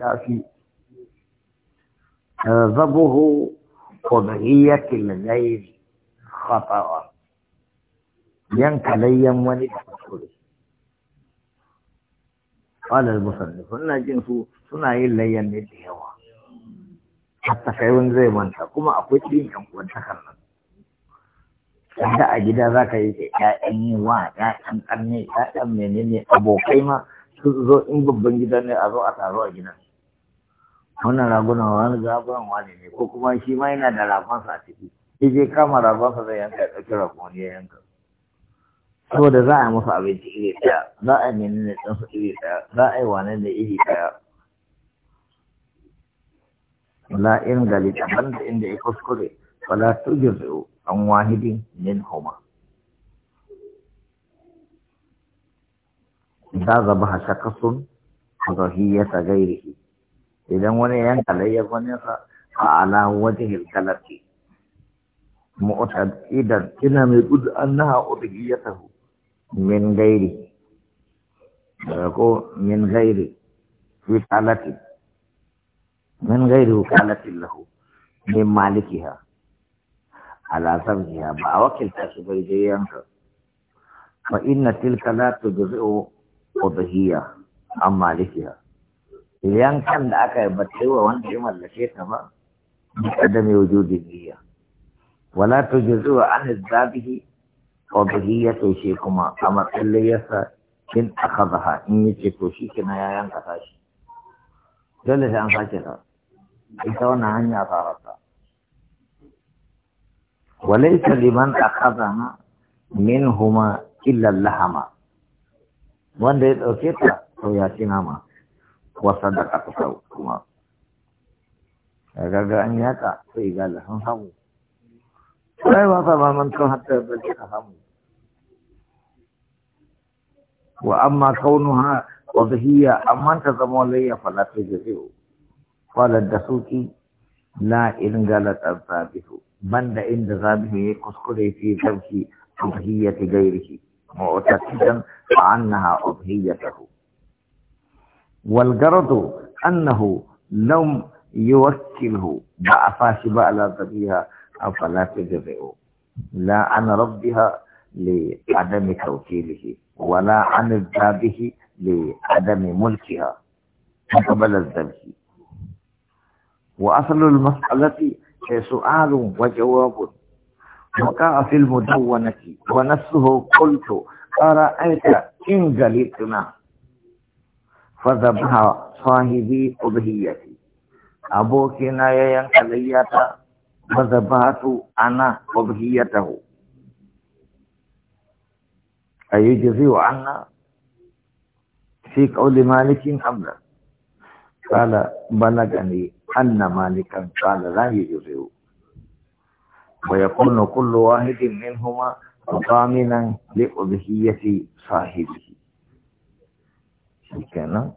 ya fi zabuhu qadhiyatil ghayr khata'a yanka layyan wani da kuskure qala al-musannif jin su suna yin layyan ne da yawa hatta kai wani zai manta kuma akwai cikin yan kwantakar nan wanda a gida za ka yi da ƴaƴan yi wa ƴaƴan ƙarni ƴaƴan menene abokai ma su zo in babban gida ne a zo a taro a gidan wannan wa wani zaburan wani ne ko kuma shi ma yana da ragonsa a ciki shi je kama ragonsa zai yanka ya ɗauki ragon ya yanka saboda za a yi musu abinci iri ɗaya za a yi menene ɗansu iri ɗaya za a yi wane da iri ɗaya wala in gali daban da inda ya kuskure wala zai an wahidin min huma إذا ذبح شخص ضحية gairi idan wani yan kalayyar wani sa a ala wajihil kalati mu'tad ina mai gudu annaha udhiyatahu min gairi ko min gairi fi kalati min gairi kalati lahu min malikiha ala sabbiha ba a wakilta su bai je yanka fa inna tilka la tujzi'u udhiya an malikiha yankan da aka yi ba yi wa wanda ya mallake ta ba da mai wujudin niyya wala ta juzu an zabihi ko bihi ya toshe kuma a matsayin layyarsa kin aka zaha in yi ce to shi kina ya yanka dole sai an sake ta ita wannan hanya ta rasa walaisa liman minhuma min huma illa lahama wanda ya ɗauke ta to ya nama وصدقة dan aku tahu semua. haka sai nyata, segala hamu sai ba ta ba man kan hatta da hamu wa amma kaunuha wa zahiya amma ta zama layya fala ta jiru qala dasuki la in galata zabihu banda inda zabihu ya kuskure fi zabki ubhiyati gairihi mu'tasidan fa annaha والغرض أنه لم يوكله ضعف شباء لا تبيها فلا تجزئه لا عن ربها لعدم توكيله ولا عن الذابه لعدم ملكها قبل الذبح وأصل المسألة سؤال وجواب وقع في المدونة ونفسه قلت أرأيت إن جلتنا فذبح صاحبي أضحيتي أبو ينقى ينقليتا فذبحت أنا أضحيته جزي عنا في قول مالك أملا قال بلغني أن مالكا قال لا يجزئ ويكون كل واحد منهما ضامنا لأضحية صاحبه shi kenan